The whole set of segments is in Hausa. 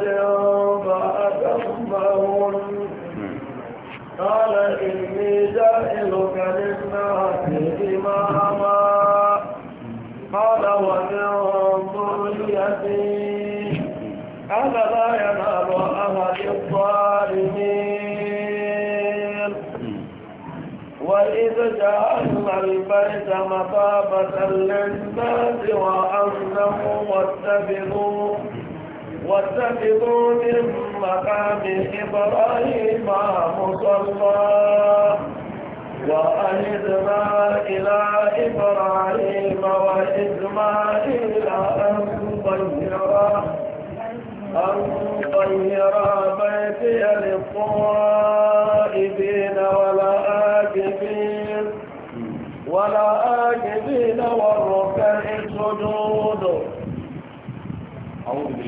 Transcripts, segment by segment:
فأتمهن قال إني جائلك للناس إماما قال ومن ذريتي قال لا ينال أهل الظالمين وإذ جعلنا البيت مَطَابَةً للناس وأمنه واتبعوا واتخذوا من مقام إبراهيم مصلى وأهدنا إلى إبراهيم وإسماعيل أن طيرا أن طيرا بيتي للطائفين ولا ولا آكفين والركع السجود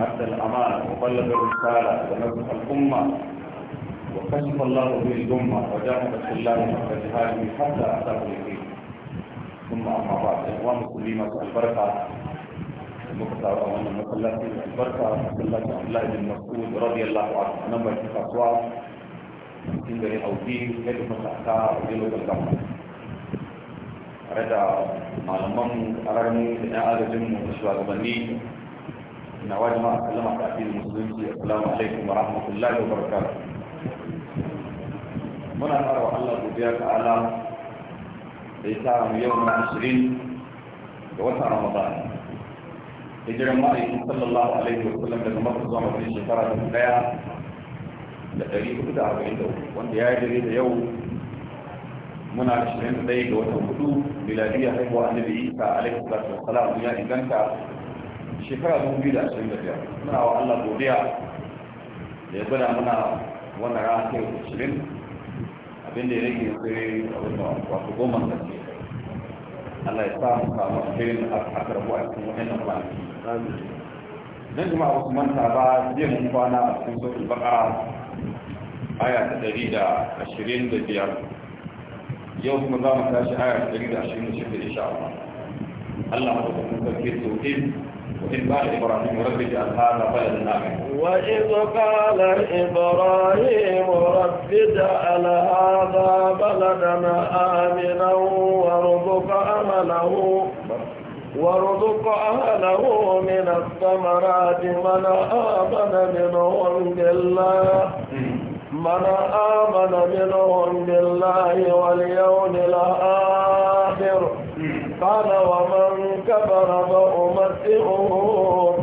حتى الأمانة وبلغ الرسالة ونزح الأمة وكشف الله به الأمة وجاهد في الله حتى جهاده حتى أتاه اليقين ثم أما بعد إخوان كلمة البركة المختار أولا في البركة مسلاتي عبد الله بن مسعود رضي الله عنه نمبر في الأسواق من بني أوتين كيف مسحتها وجلد الجمعة tare مع malaman ƙararmu da 'yan agajinmu da من أواجه ما أكلمك أكيد المسلمين السلام عليكم ورحمة الله وبركاته من أرى الله بيك على ليس يوم عشرين وقت رمضان إجر الله صلى الله عليه وسلم لما تزعم في الشفرة الحياة لأجري كتا أربعين دول وانت يا إجري يوم من عشرين دول وتمتو بلادية حبوة النبي عليه الصلاة والسلام ويا إذن كافر shekara 2025 muna wa Allah godiya da ya gwada muna wannan ranar kai da shirin abinda ya rage sai a wannan wasu goma da ke Allah ya sa mu samu shirin a karbu a cikin wannan kwanaki dan jama'a wasu manta ba zai mun kwana a cikin sautin baka aya ta ɗari da ashirin da biyar yau kuma za mu tashi aya ta ɗari da ashirin da shida sha'awa. Allah Allah ma da kuma sarki tauhid وإذ قال إبراهيم رب اجعل هذا بلدا آمنا وارزق أهله وارزق أهله من الثمرات من آمن منهم بالله من آمن منهم بالله واليوم الآخر قال ومن كفر فأمسعه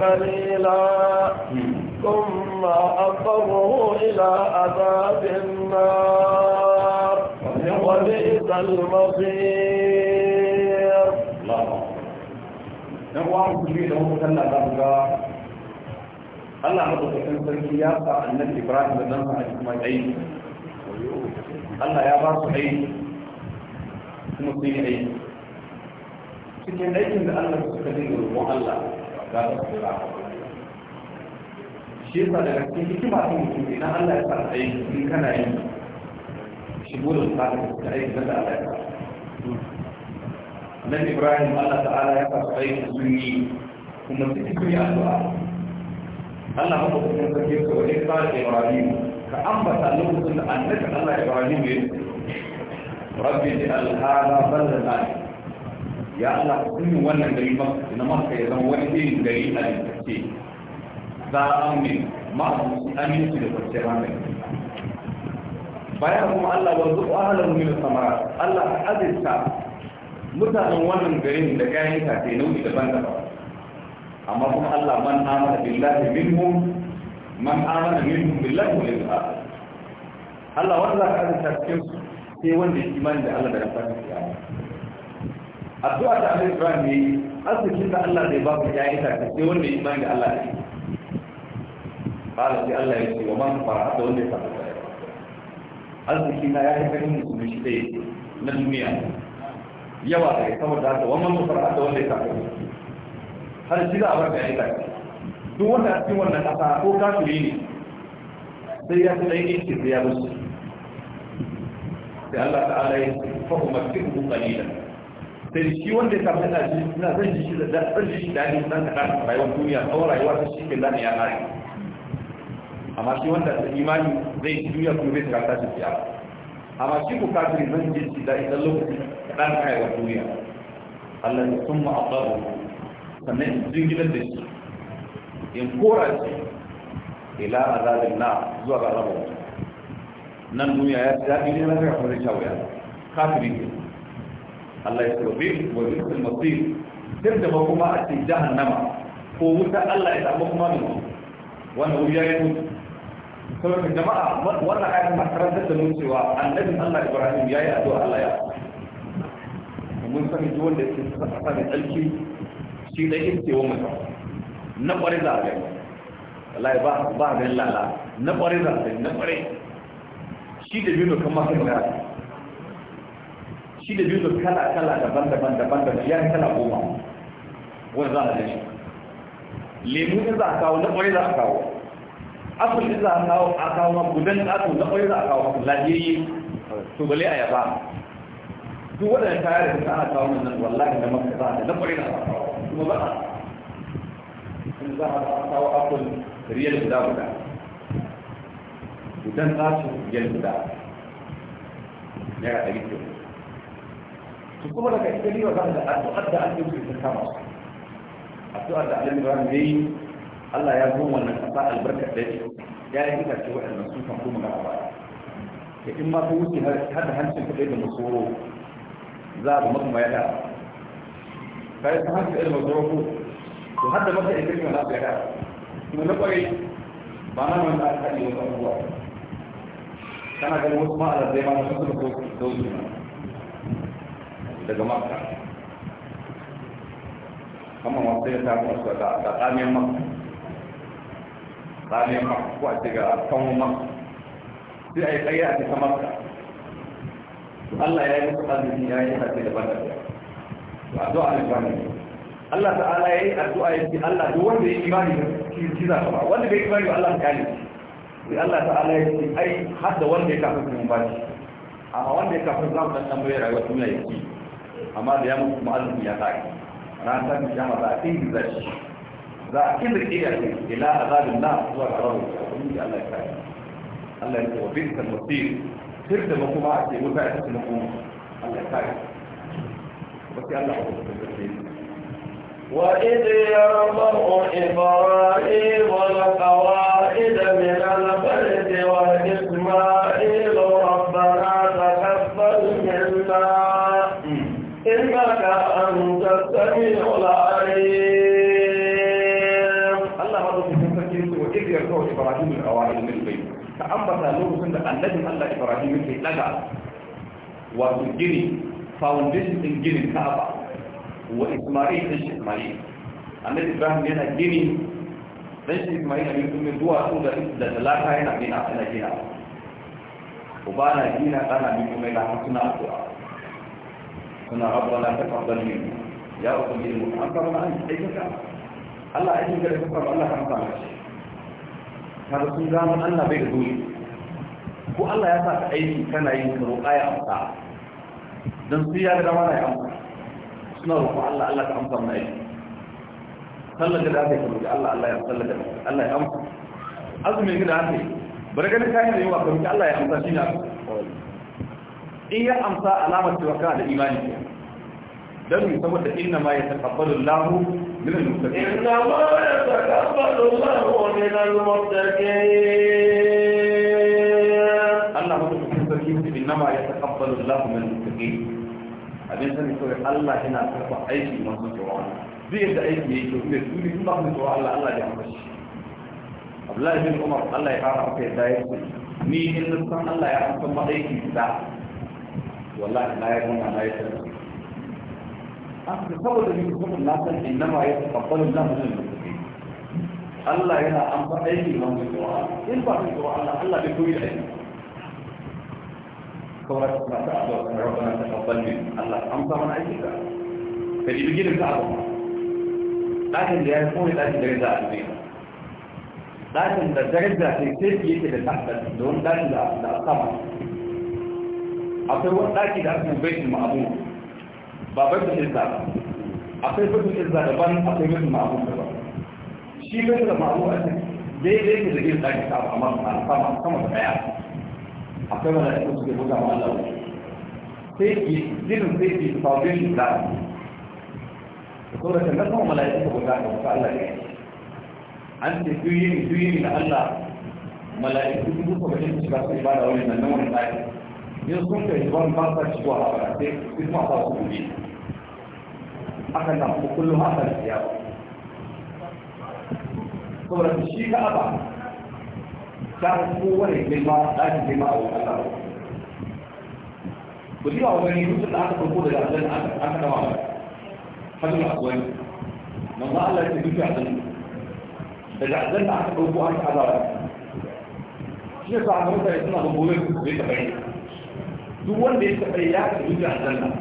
قليلا ثم أضره إلى أذاب النار وليس المصير الله عبده كان سنكي يابقى أن الإبراهيم لنفع حكم الأيض الله يا باسو أيض ثم cikin aikin da Allah suka dinga roƙon Allah ga ta su da shi yasa daga cikin hikima ta mutum idan Allah ya sa aiki in kana yi shigo da tsaka da aiki da Allah ya sa nan Ibrahim Allah ta'ala ya sa aiki sun yi kuma suke sun yi addu'a Allah ma ba su sake su wani da Ibrahim ka ambata lokacin da annabi Allah Ibrahim ya yi rabbi ji alhala ballan ya Allah ka kunyin wannan gari ba su na makka ya zama wani irin gari a lantarki za a amin ma'amusu aminci da kwanciyar hankali bayan kuma Allah wanzu ƙwahalar mu da samara Allah ka azirta mutanen wannan garin da kayan itace nau'i daban-daban amma kuma Allah man amana billahi minhum man amana minhum billahi wal akhir Allah wanda ka azirta cikin sai wanda ya imani da Allah da rafa ta kiyama addu'a ta annabi Ibrahim ne arzikin da Allah zai ba ku ya yi ta sai wanda ya imani da Allah ne qala sai Allah ya ce wa man fara da wanda ya fara arziki na ya yi ganin musulmi shi dai na duniya yawa da ya da haka wa man fara da wanda ya fara har shi da abar da ya yi ta duk wanda a cikin wannan kasa ko kafiri ne sai ya fi ɗan inci sai ya rusu sai Allah ta'ala ya fa umarci ku kalilan sai shi wanda ya samu yana na zan ji shi da zan ji shi daɗi dan kaɗan rayuwar duniya tsawon rayuwa ta shi ke lana ya ƙare amma shi wanda da imani zai yi duniya kuma zai tsaka ta siya amma shi ku kafin zan ji shi daɗi dan lokacin kaɗan rayuwar duniya Allah ya summa aqabu sannan in gidan da shi in kora shi ila azabin na zuwa ga rabu nan duniya ya daɗi ne na zai kafin zai shawo ya kafiri ne Allah ya tsobe wa bisul masir duk da kuma a cikin jahannama ko wuta Allah ya tabbata kuma mu wannan wuri ya yi mutu saboda jama'a wannan ayat na karantar da mun cewa annabin Allah Ibrahim yayi addu'a Allah ya mun san duk wanda yake saka sani alki shi da yake cewa mutum na ƙware za ga wallahi ba ba ga lala na ƙware za ga na ƙware shi da biyu kan sai magana shi da biyu kala kala daban daban daban daban ya kala goma wani za a da shi lemu in za a kawo na ƙwarai za a kawo asul in za a kawo a kawo ma gudan ɗato na ƙwarai za a kawo lafiyayye to bale a yaba duk waɗanda kaya da kuma ana kawo nan wallahi na maka za a na ƙwarai za a kawo kuma ba a in za a kawo asul riyal guda guda gudan ɗato riyal guda naira ɗari kyau su kuma daga ita ne wa da addu'ar da ake su ta kama su addu'ar da alim ibrahim ya allah ya zo wannan kasa albarkar da ya yi ita ce waɗannan sun kan kuma gaba da in ma ka wuce har da hancin kaɗai da masoro za a ga maka mai da ka yi ta hancin ɗaya da masoro ko to har da maka ita ne wa za ka yada kuma na ƙwarai ba na wanda aka haɗe wasu abubuwa kana ganin wasu ma'azar zai ma wasu da so da wuce daga makka kama wasu ya samu wasu da tsamiyar makka tsamiyar makka ko a ce ga kanwon makka sai a yi tsaye a cikin makka Allah ya yi musu arziki ya yi da bada da ba zuwa alifani Allah ta'ala ya yi addu'a ya ce Allah duk wanda ya yi imani da kiza ba wanda bai imani ba Allah ta kare sai Allah ta'ala ya ce ai har da wanda ya kafa sun bashi amma wanda ya kafa zamu dan tambaye rayuwar duniya yi amma da ya mutu ma'azumin ya zaƙi ran san da shama za a ɗin da shi za a ƙin da ƙiya ce ila azabin na zuwa ga rawar da abin da Allah ya kare Allah ya ce wa bin kan wasir sir da makoma a ce wuta ya ce makoma Allah ya kare wasu Allah ya kare وإذ يرفع إبراهيم القواعد من البيت وإسماعيل أنت السميع العليم الله هذا في تفكير وإذ يرفع إبراهيم الأوائل من البيت فأنبت له سند النجم الله إبراهيم في لدى وتجري فاونديشن تجري الكعبة وإسماعيل تجري إسماعيل النبي إبراهيم هنا جري تجري إسماعيل أن يكون من دوا سودة ثلاثة هنا بنا هنا جنا وبانا جينا أنا بكم إلى حسنا أقوى suna rabbana ka taqabbal ne ya ne mu an fara an aikin ka Allah aikin ka da ka Allah ka fara shi kada sun gano Allah bai da dole ko Allah ya sa ka aiki kana yin ka roƙa ya amsa don su ya da mana ya amsa suna roƙo Allah Allah ka amsa mana aiki sallar da aka yi ka Allah Allah ya sallar da Allah ya amsa azumin da aka yi bar ganin kayan da yawa ka roƙi Allah ya amsa shi ne in ya amsa alamar tawakkal da imani dan saboda inna ma yataqabbalu Allahu min al-muttaqin inna ma yataqabbalu Allahu min al-muttaqin Allah mutum sarki inna ma yataqabbalu Allahu abin sani kawai Allah yana karɓa aiki masu tsoron zai yadda aiki ya yi kyau ba Allah Allah ya shi Abdullahi bin Umar Allah ya fara maka yadda ya ni in san Allah ya amsa ma aiki da والله لا يكون لا يكون أنا تصور أن يكون الناس إنما يتقبل الله من المتقين الله هنا أمر شيء من القرآن إن بعد القرآن الله بكل العلم كورك ما تعبد ربنا تقبل منه الله أمر من أيديك فدي بيجي لك لكن لا يكون لكن درجة أدنى لكن الدرجة في كيف يجي لتحت دون لكن لا طبعا akwai wani ɗaki da aka baitul ma'abu ba baitul izza ba akwai baitul da ban akwai baitul ma'amun ba shi da ma'abu a cikin daidai ke da irin ɗaki ta amma ta sama sama da ɗaya akwai wani ɗaki suke buga ma Allah sai ki zirin sai ki foundation da da kuma da na sama mala'iku ka buga da wata Allah ne an ce duyi yini duk da Allah mala'iku duk kuma da shiga su ibada wani nan wani ɗaki 你要是想在东莞买房子，你就麻烦了。东莞房子便宜，但是你买房子的话，不能虚假的，像所谓的平方、代平方我看到，道。我只要我跟你讲，你按照正的价格拿的，按的买的，他就拿问，拿不了的，那我哪来的补贴啊？人家认的都不官方的开发商，你要是在买的话，你拿正规的，你就 دول بيت حريات يجي عندنا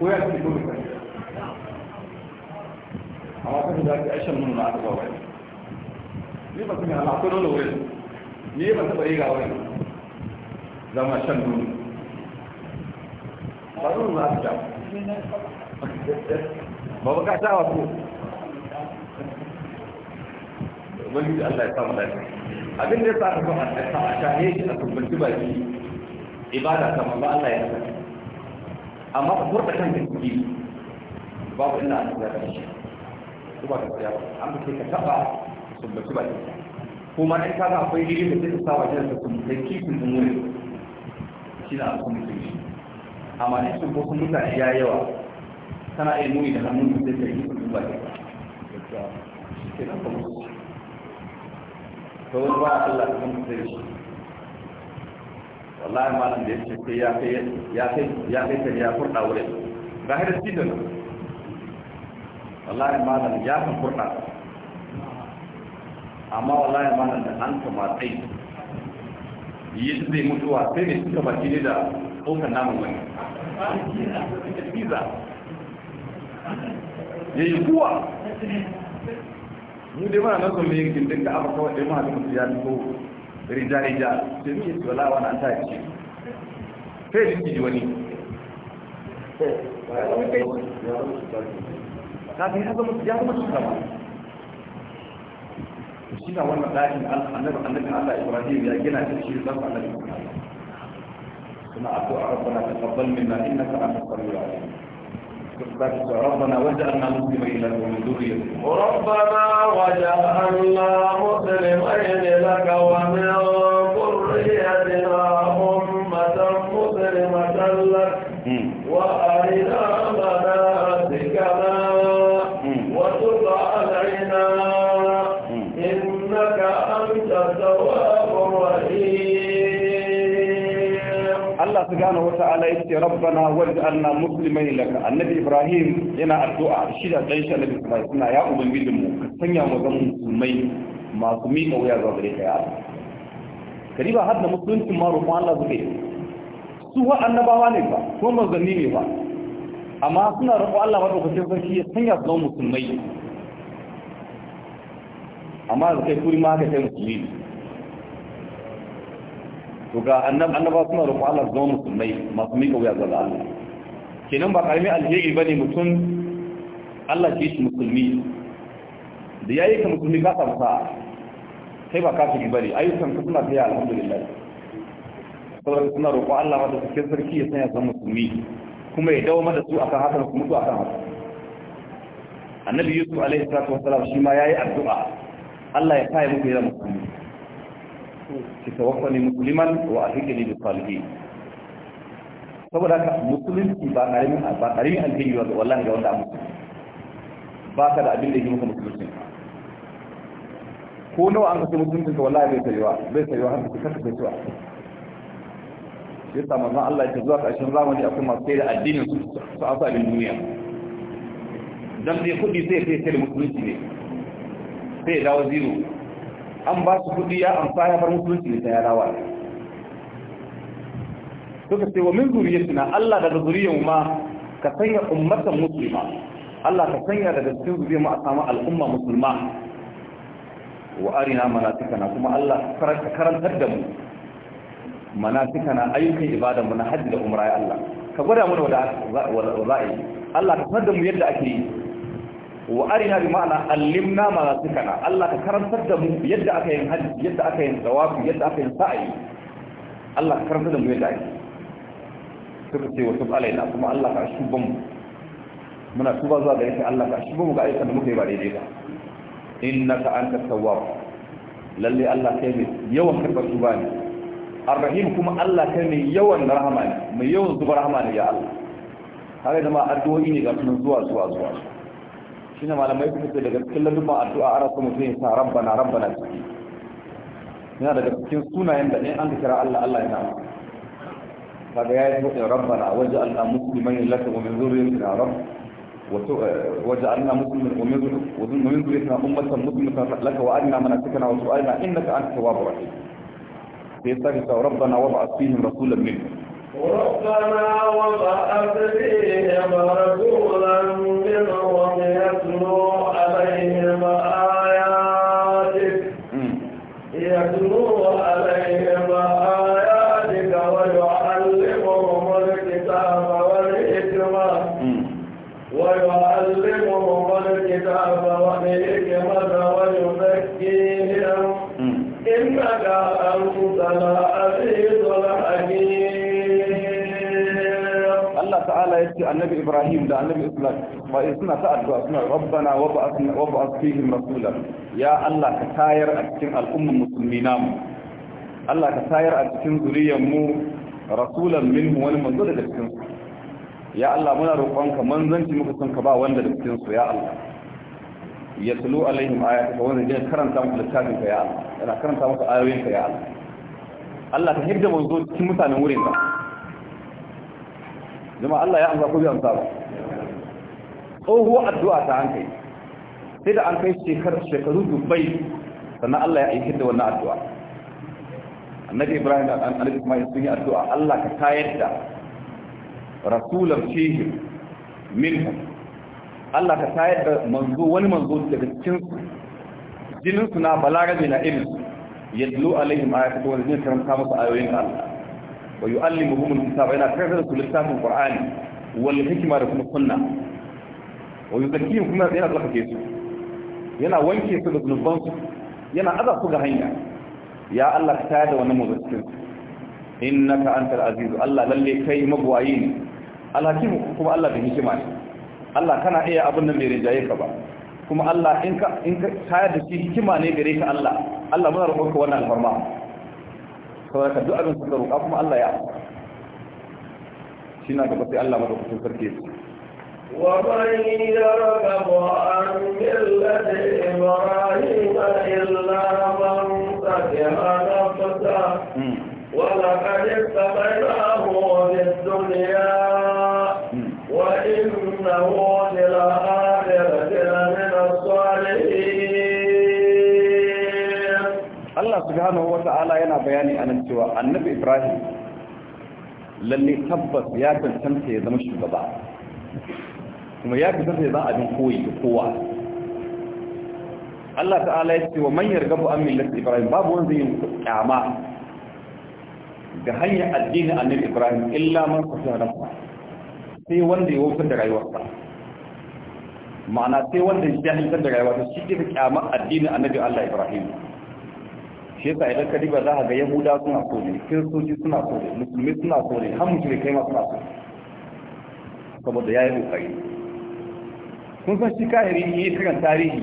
ويأتي كل حريات عرفت ذلك عشا من العرب وعين ليه بس من العطل الأولين ليه بس طريقة وعين لما شنون قالوا ما أرجع ما بقى ساوى فوق ولي الله يطلع لك أبين ليه صار فوق أنت عشان هيك أكون بنتبه فيه ibada ta manzo Allah ya saka amma ka furta kanka ciki babu inda an tsaya da shi ku ba ka tsaya ba an ka taba sun ba ba kuma in ka ga akwai gidi da take sawa jin da sun kai kifin sun wuri shi na sun mutu shi amma in sun ko sun mutane ya yawa kana iya muni da hannun da take yi sun ba ka shi ke nan kuma to wani ba Allah ka mutu shi wallahi malam da yake sai ya kai ya kai ya kai ta ya furda wurin ga har shi da wallahi malam ya kan furda amma wallahi malam da an kama matsayi. yi zai mutuwa sai ne suka baki ne da ɗaukar namun wani ya yi kuwa mu dai mana nazo mai yankin dinka aka kawai ɗaya mahalin mutu ya fito rija-rija sai mu yi tsola wani an tare ce sai yi jiki wani kafin ya zama ya zama cuta ba shi na wannan ɗakin annabi annabi Allah Ibrahim ya gina shi shi zan annabi kuma a ko a rabbana tabbal minna innaka antas-samiul alim ربنا وجعلنا مسلمين لك ومن ذريتنا ربنا وجعلنا مسلمين لك ومن ذريتنا أمة مسلمة لك وأرنا مناسكنا subhanahu wa ta'ala yace rabbana waj'alna muslimin laka annabi Ibrahim yana addu'a shi da dan shi annabi Ismail suna ya ubangiji mu sanya mu zama musulmai masu miƙa wuya zuwa gare ka ya Allah ba har da musulunci ma roƙon Allah suke su wa annabawa ne ba ko manzanni ne ba amma suna roƙon Allah madaukakin sarki ya sanya su zama musulmai amma da kai kuri ma haka kai musulmi to ga annaba suna roƙo Allah zama musulmai masu miƙa wuya ga Allah kenan ba karmi alheri bane mutum Allah ke shi musulmi da yayi ka musulmi ka samu kai ba kafiri bane ayyukan ka suna tafiya alhamdulillah saboda suna roƙo Allah wanda suke sarki ya sanya zama musulmi kuma ya dawo mata su akan hakan su mutu akan hakan annabi yusuf alaihi salatu wasalam shi ma yayi addu'a Allah ya kai ya mutu ya musulmi tawaffani musliman wa alhiqni da salihin saboda ka musulunci ba karamin ba karamin alheri wa wallahi ga wanda musulunci ba ka da abin da yake maka musulunci ko nawa an kace musulunci ka wallahi bai tsayuwa bai tsayuwa har ka kasa tsayuwa sai sa manzon Allah ya zuwa ƙarshen zamani a kuma sai da addinin su a asu abin duniya dan dai kudi sai sai sai musulunci ne sai dawo zero an ba su kudi ya amsa ya bar musulunci ne ta ya dawa suka ce wa min zuriyatina Allah daga zuriyar ma ka sanya ummatan musulma Allah ka sanya daga cikin zuriyar mu a samu al'umma musulma wa arina na kuma Allah ka karantar da mu Mana na ayyukan ibada mu na hajji da umra ya Allah ka gwada mana wada za'i Allah ka sanar da mu yadda ake yi wa arina bi ma'ana allimna ma rasikana Allah ka karantar da mu yadda aka yin haji yadda aka yin tawafi yadda aka yin sa'i Allah ka karantar da mu yadda ake suka ce wa tub alaina kuma Allah ka shubban mu muna tuba zuwa gare ka Allah ka shubban mu ga ayyukan da muka yi ba daidai ba innaka anta tawwab lalle Allah kai ne yawan karbar tuba ne arrahim kuma Allah kai ne yawan rahama ne mai yawan zubar rahama ne ya Allah haka ma addu'o'i ne ga sunan zuwa zuwa zuwa shine malamai suka ce daga cikin lalluban addu'a ana so mutum ya sa rabbana rabbana ciki yana daga cikin sunayen da in an kira Allah Allah yana kaga yayi mutum rabbana waj'alna muslimin laka wa min dhurriyyatina rabbana وجعلنا مسلم ومن ذريتنا أمة مسلمة لك وأرنا مناسكنا وسؤالنا إنك أنت التواب الرحيم في ساكت ربنا وضعت فيهم رسولا منهم ربنا وبعث فيهم رسولا منهم يتلو عليهم آياتك يتلو عليهم آياتك ويعلمهم الكتاب والحكمة ويعلمهم الكتاب والحكمة ويزكيهم إنك أنت العزيز ta'ala ya ce annabi ibrahim da annabi islam ba suna ta addu'a suna rabbana wa ba'ath fihim rasula ya allah ka tayar a cikin al'ummar musulmi namu allah ka tayar a cikin zuriyar mu rasulan minhu wani manzo daga cikin su ya allah muna roƙonka manzanci muka son ka ba wanda da cikin su ya allah ya tulu alaihim ayatuka wanda ya karanta muku littafin ka ya allah yana karanta muku ayoyin ka ya allah allah ka hidda manzo cikin mutanen wurin ka jama'a Allah ya amsa ko bai amsa ba tsohuwar addu'a ta an kai sai da an kai shekaru dubbai sannan Allah ya aikin da wannan addu'a annabi Ibrahim da annabi Ismail sun yi addu'a Allah ka tayar da rasulan fihim minhum Allah ka tayar da manzo wani manzo daga cikin jinin su na balarabe na irin yadlu alaihim ayatu wa zikran ta musu ayoyin Allah wa alli muhimmin kitaba yana da su littafin qur'ani wal hikma da kuma sunna wa yuzakkihim kuma yana tsarkake su yana wanke su da zunuban su yana aza su ga hanya ya Allah ka da wannan muzakkir innaka antal azizu Allah lalle kai magwayi ne alhakim kuma Allah da hikima ne Allah kana iya abin nan mai rijaye ka ba kuma Allah in ka in tayar da shi hikima ne gare ka Allah Allah muna roƙon ka wannan alfarma saboda duk abin suka roƙa kuma Allah ya shi na gaba sai Allah madaukakin sarki su ومن يرغب عن ملة إبراهيم إلا من سفه نفسه ولقد استبينا subhanahu wa ta'ala yana bayani a nan cewa annabi ibrahim lalle tabbas ya cancanta ya zama shugaba kuma ya cancanta ya zama abin koyi ga kowa Allah ta'ala ya ce wa man gabu an millat ibrahim babu wanda yin kyama ga hanyar addini annabi ibrahim illa man safiha nafsa sai wanda ya wofin da rayuwarsa ma'ana sai wanda ya jahiltar da rayuwa ta shi ke kyama addinin annabi Allah Ibrahim shi yasa idan ka diba za ka ga yahuda suna kore kiristoci suna kore musulmi suna kore har musulmi kai ma suna saboda ya yi kokari kun san shi kahiri ne yi kiran tarihi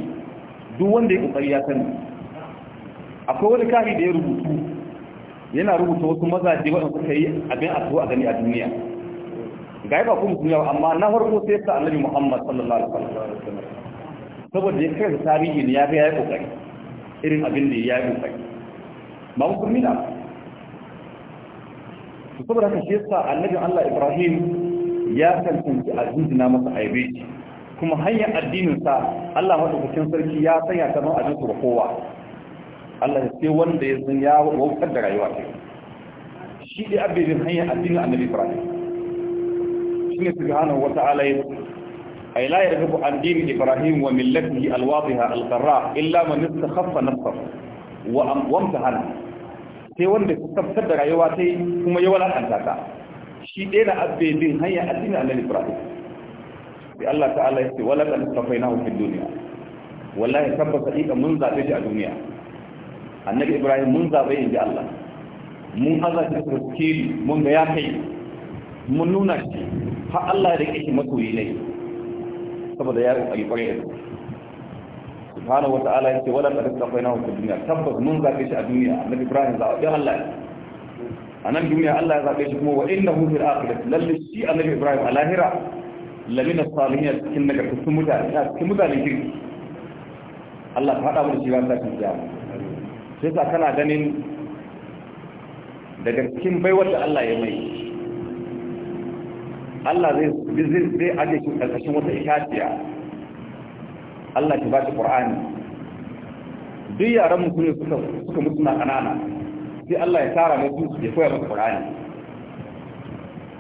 duk wanda ya kokari ya sani akwai wani kahiri da ya rubutu yana rubuta wasu mazaje waɗanda suka yi abin a a gani a duniya ga yi ba kuma duniya amma na farko sai sa annabi muhammad sallallahu alaihi wasallam saboda ya kai tarihi ne ya ga ya yi kokari irin abin da ya yi kokari ba musulmi na su saboda haka shi yasa annabin Allah Ibrahim ya cancanci a jinjina masa aibe shi kuma hanyar addinin sa Allah madaukakin sarki ya sanya ta nan abin da kowa Allah ya sai wanda ya san ya wautar da rayuwa ce shi dai abin hanyar addinin annabi Ibrahim shine subhanahu wata'ala ya أي لا يرغب عن دين إبراهيم وملته الواضحة القراء إلا من استخف نفسه wamta hana sai wanda ku tabbatar da rayuwa sai kuma ya walakanta ta shi ɗaya na abbe bin hanya addinin annabi ibrahim sai Allah ta'ala ya ce wala qad safainahu fid dunya wallahi tabbata idan mun zabe shi a duniya annabi ibrahim mun zabe ji Allah mun Allah ta tsiri mun ga ya kai mun nuna shi har Allah ya rike shi masoyi ne saboda ya yi kwarai da subhanahu wa ta'ala yake wala qad tafaina fi dunya tabbas mun zabe shi a duniya annabi ibrahim za ya Allah a nan duniya Allah ya zabe shi kuma wa innahu fil akhirati lalle shi annabi ibrahim a lahira lamina salihin cikin nagartattun mutane cikin mutane kirki Allah ta hada mu da shi ran sakin kiyama sai sa kana ganin daga cikin baiwar da Allah ya mai Allah zai zai aje shi karkashin wata itaciya Allah ki ba shi ƙur'ani. duk yaran mu ne suka suka mutu na ƙanana, sai Allah ya tara mu su ya koya musu ƙur'ani.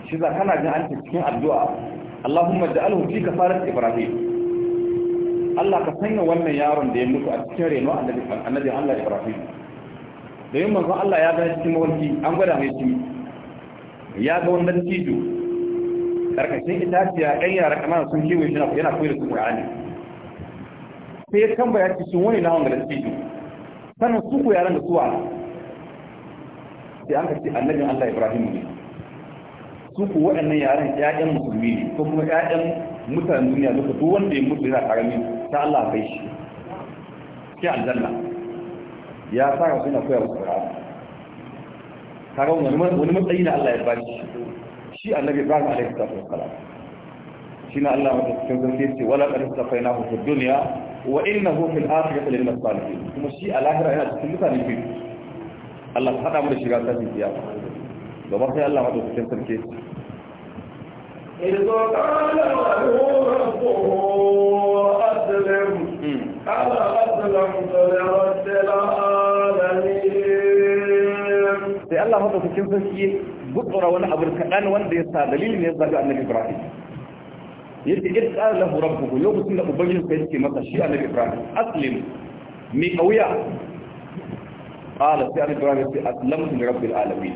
shi za kana jin an cikin addu'a Allahumma ja'alhu fi kafarat Ibrahim Allah ka sanya wannan yaron da ya mutu a cikin reno annabi annabi Allah Ibrahim da yin manzon Allah ya ga cikin mawarki an gwada mai shi ya ga wannan cijo karkashin itaciya ɗan yara kanana sun kiwo shi yana koyar da su ƙur'ani. sai ya tambaya cikin wani lawan da suke sannan su ku yaran da suwa sai an kace annabin Allah Ibrahim ne su ku waɗannan yaran ƴaƴan musulmi ne ko kuma ƴaƴan mutanen duniya duka duk wanda ya mutu yana karami sai Allah kai shi sai aljanna ya fara suna koyar musu Qur'ani kaga wani matsayi na Allah ya ba shi shi annabi Ibrahim alaihi salatu wassalam shi na Allah mutum cikin zai ce wala qad istaqaynahu fid dunya وإنه في الآخرة لمن الصالحين مشي على آخر أنا تكون مثال فيه الله وتعالى من الشغاسة في القيامة وبركة الله عز وجل تركيز إذ قال له ربه أسلم قال أسلمت لرب العالمين سي الله عز وجل تركيز بطرة وانا أبركان وان ديسا دليل من يزداد أن الإبراهيم yadda ya tsara lahu rabbuhu lokacin da ubangiji sai yake masa shi annabi ibrahim aslim mi kauya qala sai annabi ibrahim sai aslamtu li rabbil alamin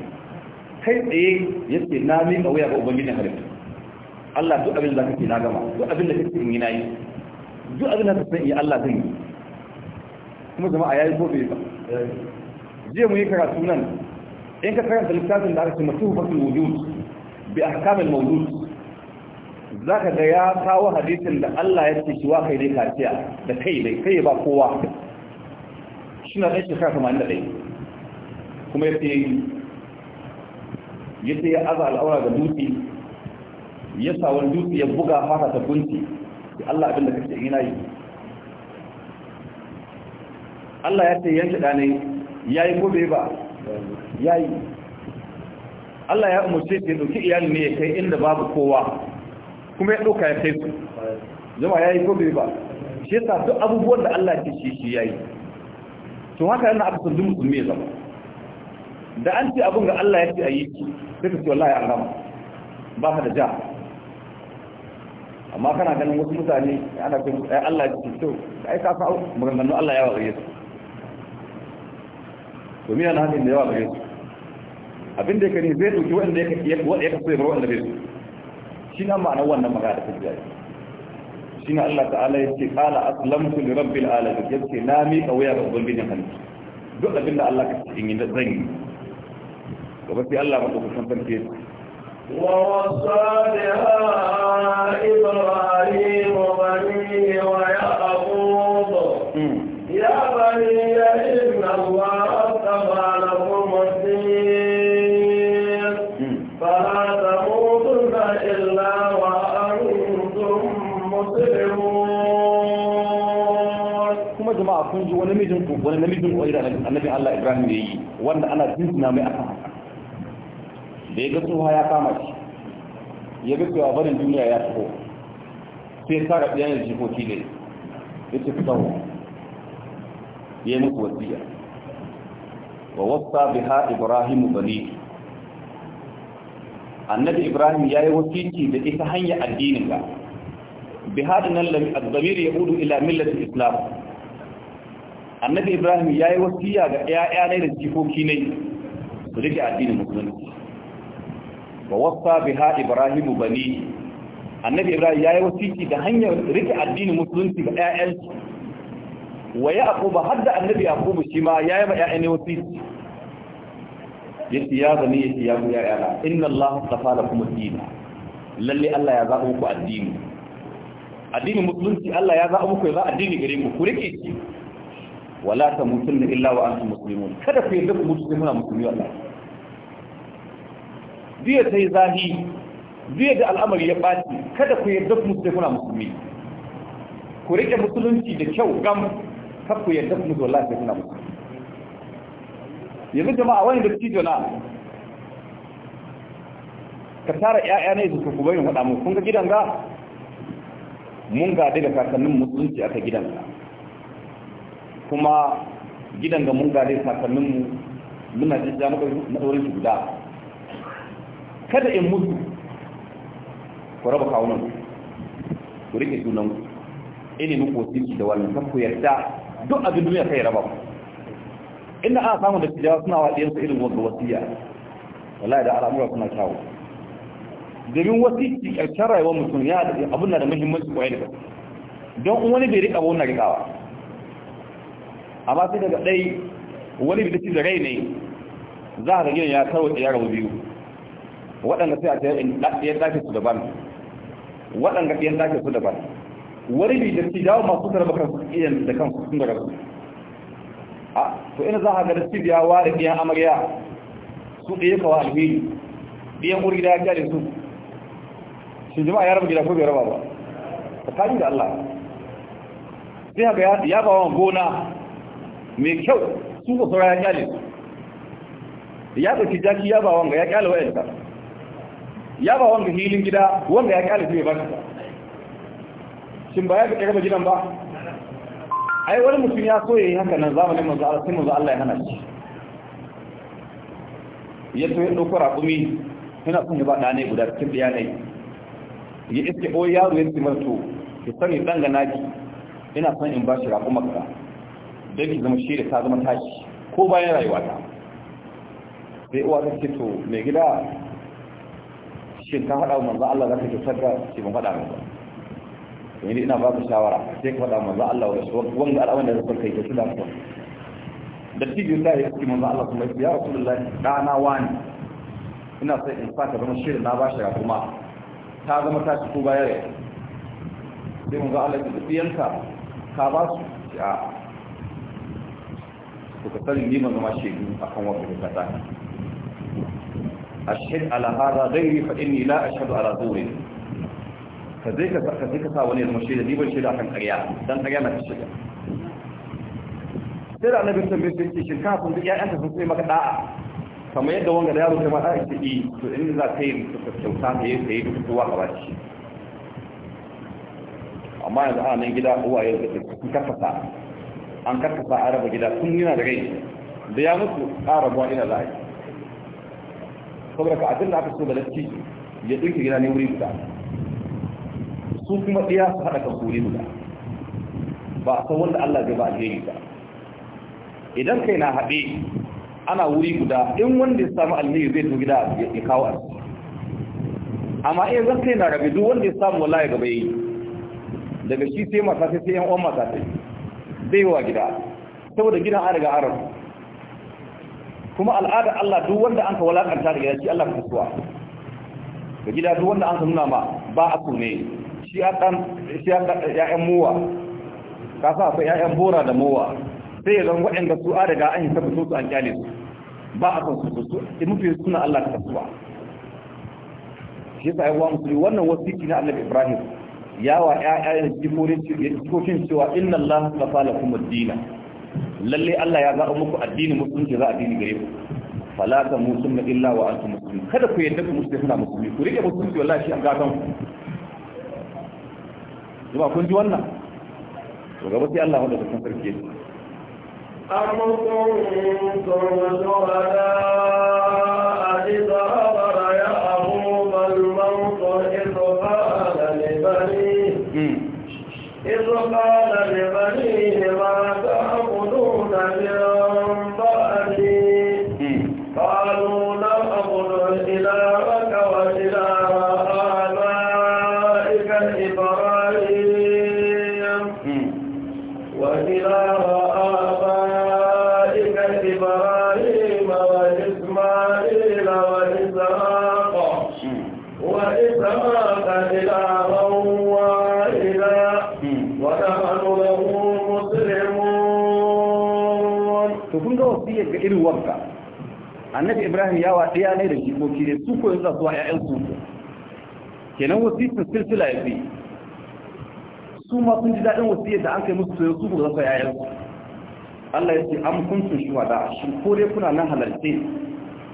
kai tsaye yace na mi kauya ga ubangijin halitta Allah duk abin da kake na gama duk abin da kake in yi nayi duk abin da kake yi Allah zai yi kuma jama'a yayi ko bai ba jiya mu yi karatu nan in ka karanta littafin da aka ce matuhu fatul wujud bi ahkamil mawlud za ka ga ya kawo hadisin da Allah ya ce shi wa kai dai kaciya da kai dai kai ba kowa shi na ɗan shekara tamanin da kuma ya ce ya ce ya aza al'aura ga dutse ya sa wani dutse ya buga haka ta kunci da Allah abin da kake ina yi Allah ya ce yanke ɗane ya yi ko bai ba ya yi Allah ya umarce ce ɗauki iyali ne ya kai inda babu kowa kuma ya ɗauka ya kai su zama ya yi ko bai ba shi yasa duk abubuwan da Allah ke shi shi ya yi to haka yana aka sandu musulmi ya zama da an ce abin ga Allah ya ce a yi shi sai ka ce wallahi an gama ba ka da ja amma kana ganin wasu mutane ana ce ai Allah ya ce to ai ka san maganganun Allah ya wa gare su to mina na hakan da yawa ga yesu. abin da ya kani zai dauki wanda ya ya so ya bar wanda bai so shi na ma'anar wannan magana da ta gida shi na Allah ta'ala ya ce qala aslamtu li rabbil alamin ya ce na mi ka waya ga ubangijin halittu duk abin da Allah ka ce in yi zan yi gaba sai Allah ma dauka san ke ووصى بها إبراهيم بنيه ya يا بني إن الله اصطفى kun ji wani mijin ku wani namijin ku da annabi Allah Ibrahim ya yi wanda ana jinsuna mai akan haka da ya ga tsoha ya kama shi ya ga cewa barin duniya ya taho sai ka ga ɗiyan jikoki ne ya ce fitawo ya yi musu wasiya wa wasa biha Ibrahim bani annabi Ibrahim ya yi wasiki da ita hanya addinin ka bi hadin nan al-dhamir yaudu ila millati islam annabi ibrahim ya yi wasiya ga ƴaƴa ne da jikoki ne su rike addinin musulunci ba wasa ha ibrahimu ba ne annabi ibrahim ya yi wasiki da hanyar rike addinin musulunci ga su wa ya ba hadda annabi kuma shi ma ya yi ma 'ya'yan ne wasiki yace ya bani yace ya ku ƴaƴana inna allah tafa da kuma dina lalle allah ya zaɓa muku addini addinin musulunci allah ya zaɓa muku ya za addini gare ku ku rike shi wala ta mutunna illa wa antum muslimun kada ku yadda ku mutu sai muna musulmi Allah. biya ta yi zahi biya da al'amari ya ɓaci kada ku yadda ku mutu sai muna musulmi ku rike musulunci da kyau gam kar ku yadda ku mutu wallahi sai muna musulmi yanzu jama'a wani da cijo na ka tara ƴaƴa ne su ku bayin hada mu kun ga gidan ga mun ga daga kakannin musulunci aka gidan ga kuma gidan ga mun gare kakanninmu muna jijja na ɗaurin shi guda kada in mutu ku raba kawunan ku rike sunan ku mu ko tiki da wannan kan ku yarda duk abin duniya kai raba ku inda ana samun da tijawa suna wa ɗiyansu irin wanda wasiya wallahi da al'amura suna kyawu domin wasiki ƙarshen rayuwar mutum ya abin da muhimmanci kwaye da don wani bai riƙa ba wani riƙawa amma sai daga ɗai wani bidisi da rai ne za a gina ya kawo ya rabu biyu waɗanda sai a ta yi ɗayan ɗakin su daban waɗanda ɗayan ɗakin su daban wani bidisi jawo masu sarrafa su iya da kansu sun gara. su a to ina za a ga da cibiya da ɗiyan amarya su ɗaya kawo alheri ɗiyan wuri gida ya kyale su shi jima'a ya raba gida ko bai raba ba kaji da Allah sai haka ya ba wa gona mai kyau su ko saura ya kyale ya ɗauki jaki ya ba wanga ya kyale wa'yanta ya ba wanga hilin gida wanga ya kyale su mai ba shi ba shin ba ya fi ƙarfa gidan ba ai wani mutum ya so ya yi haka nan zamanin manzo Allah sai manzo Allah ya hana shi ya so ya ɗauko raƙumi yana son ya ba ɗane guda cikin ɗaya ne ya iske o yaro ya ce marto ki sani ɗan ga naki ina son in ba shi raƙumar ka sai ki zama shi da ta zama tashi ko bayan rayuwa ta sai uwa ta ce to mai gida shi ka faɗa manzo Allah zaka ji sarka ki ban faɗa manzo to ni ina ba ku shawara sai ka faɗa manzo Allah wanda al'amarin da zaka kai da shi da ku da tijin da ki manzo Allah kuma ya rasulullahi na wani ina sai in fata zama shirin na bashi ga kuma ta zama tashi ko bayan sai manzo Allah ya ce ka ba su a وكتالي ليما ما شيء اقوم بكتاه اشهد على هذا غيري فاني لا اشهد على دوري فذيك فذيك ثواني المشيده دي بشي داخل قريا دان قريا ما تشك ترى النبي صلى الله عليه وسلم كان يا انت في ما قدا كما يدا وان قال يا رسول الله اي تو ان ذا تيم تو كتوتان هي تي تو واخواش اما الان ان كده هو يكتب كفتا an karkasa a raba gida sun yana da gai da ya mutu ƙara buwa ina za yi saboda ka abin da aka so da latti ya ɗinke gida ne wuri guda su kuma ɗiya su haɗa kan wuri guda ba a san wanda Allah zai ba alheri ba idan kai na haɗe ana wuri guda in wanda ya samu alheri zai to gida ya kawo a amma in zan kai na rabe duk wanda ya samu wallahi gaba yi daga shi sai mata sai sai yan uwan mata sai zai wa gida saboda gidan an riga arab kuma al'adar Allah duk wanda an ka walakanta da gida shi Allah ka suwa da gida duk wanda an ka nuna ma ba a ne shi a ɗan shi a mowa ka sa sai ƴaƴan bora da mowa sai ya zan waɗanda su a daga an yi tabbata su an kyale su ba a kan su su in mafi suna Allah ka suwa shi yasa ya wa musulmi wannan wasiki na Annabi Ibrahim yawa ƴaƴayen jikokin cewa inna Allah safa lakum ad-dina lalle Allah ya zaɓa muku addini musulunci za a addini gare ku fala ta musulma illa wa antum muslimun kada ku yadda ku musulmi suna musulmi ku rike musulunci wallahi shi an gaban ku zuwa kun ji wannan to gaba sai Allah wanda kan sarki yake أم كنتم شهداء إذ قال لبنيه ما تعبدون من irin wanka annabi ibrahim ya ɗaya ne da jikoki ne su koyi za su wa ƴaƴan su kenan wasitin silsila ya fi su ma sun ji daɗin wasiyar da an kai musu soyayya su ba za su su Allah ya ce am kuntum shuhada shin ko dai kuna nan halarce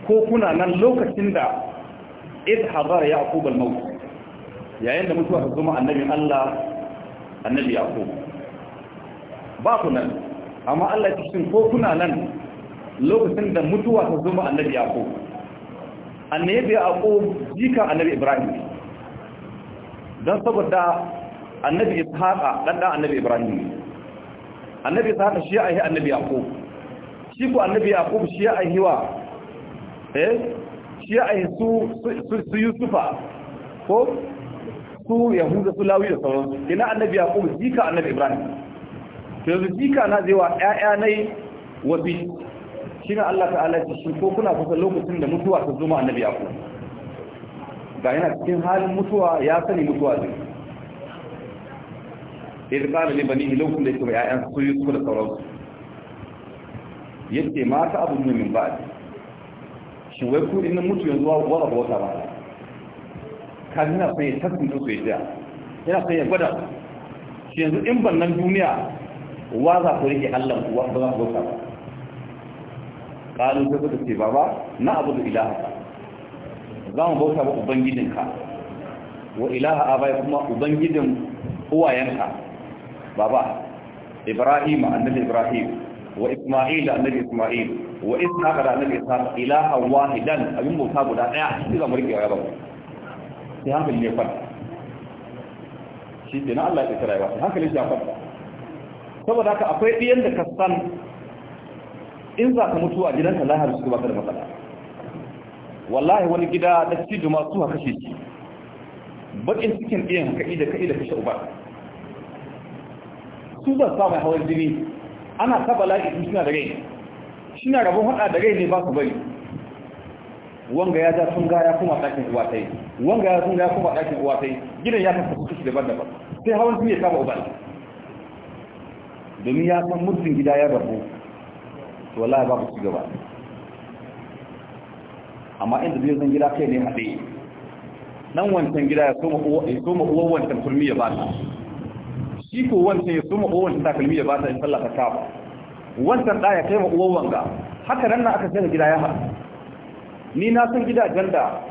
ko kuna nan lokacin da id hadara yaqub al-maut yayin da mutuwa ta zama annabi Allah annabi ya yaqub ba ku nan amma Allah ya ce shin ko kuna nan lokacin da mutuwa ta zuma annabi yaqub annabi yaqub jika annabi ibrahim dan saboda annabi ishaqa dan dan annabi ibrahim annabi ishaqa shi ayi annabi yaqub shi ko annabi yaqub shi ayi wa eh shi ayi su su yusufa ko su yahuda su lawi da sauran ina annabi yaqub jika annabi ibrahim to jika na zai wa ƴaƴa nai wasi shi na Allah ta'ala ya shi ko kuna kusa lokacin da mutuwa ta zo ma annabi yaqub ga yana cikin halin mutuwa ya sani mutuwa zai idh qala li lokacin da kuntum lakum yi su yusuf da sauransu yace ma ta abu min ba'd shi wai ku in mutu yanzu wa wala wata ba kan na sai tasmin su jiya. yana sai ya gwada shi yanzu in ban nan duniya wa za ku rike Allah wa ba za ku bauta ba kalu sai suka ce baba na abu da ilaha za mu bauta ba ubangijinka wa ilaha abai kuma ubangijin uwayenka baba ibrahim annabi ibrahim wa isma'il annabi isma'il wa ishaqa da annabi ishaqa ilaha wahidan abin bauta guda daya shi za mu rike wa baba sai hankali ne kwanta shi ke na Allah ya tsara ya ba hankali shi ya kwanta saboda haka akwai ɗiyan da ka san in za ka mutuwa gidanka lahar su ba ka da matsala wallahi wani gida da ci juma su haka shi ci bakin cikin ɗiyan ka ida ka ida kashe uba su ba sa mai hawan jini ana saba la'i suna da rai suna rabon haɗa da rai ne ba su bari wanga ya ja sun gaya kuma ɗakin uwa ta yi wanga ya sun gaya kuma ɗakin uwa ta yi gidan ya kasa su kashi daban-daban sai hawan jini ya saba uba domin ya san muddin gida ya rabu wallahi ba babu ci gaba amma inda zai zan gida kai ne haɗe nan wancan gida ya soma uwan wancan turmi ya bata shi ko wancan ya soma uwan wancan takalmi ya bata in sallah ta kafa wancan ɗaya kai ma uwan wanga haka nan na aka sai gida ya haɗu ni na san gida janda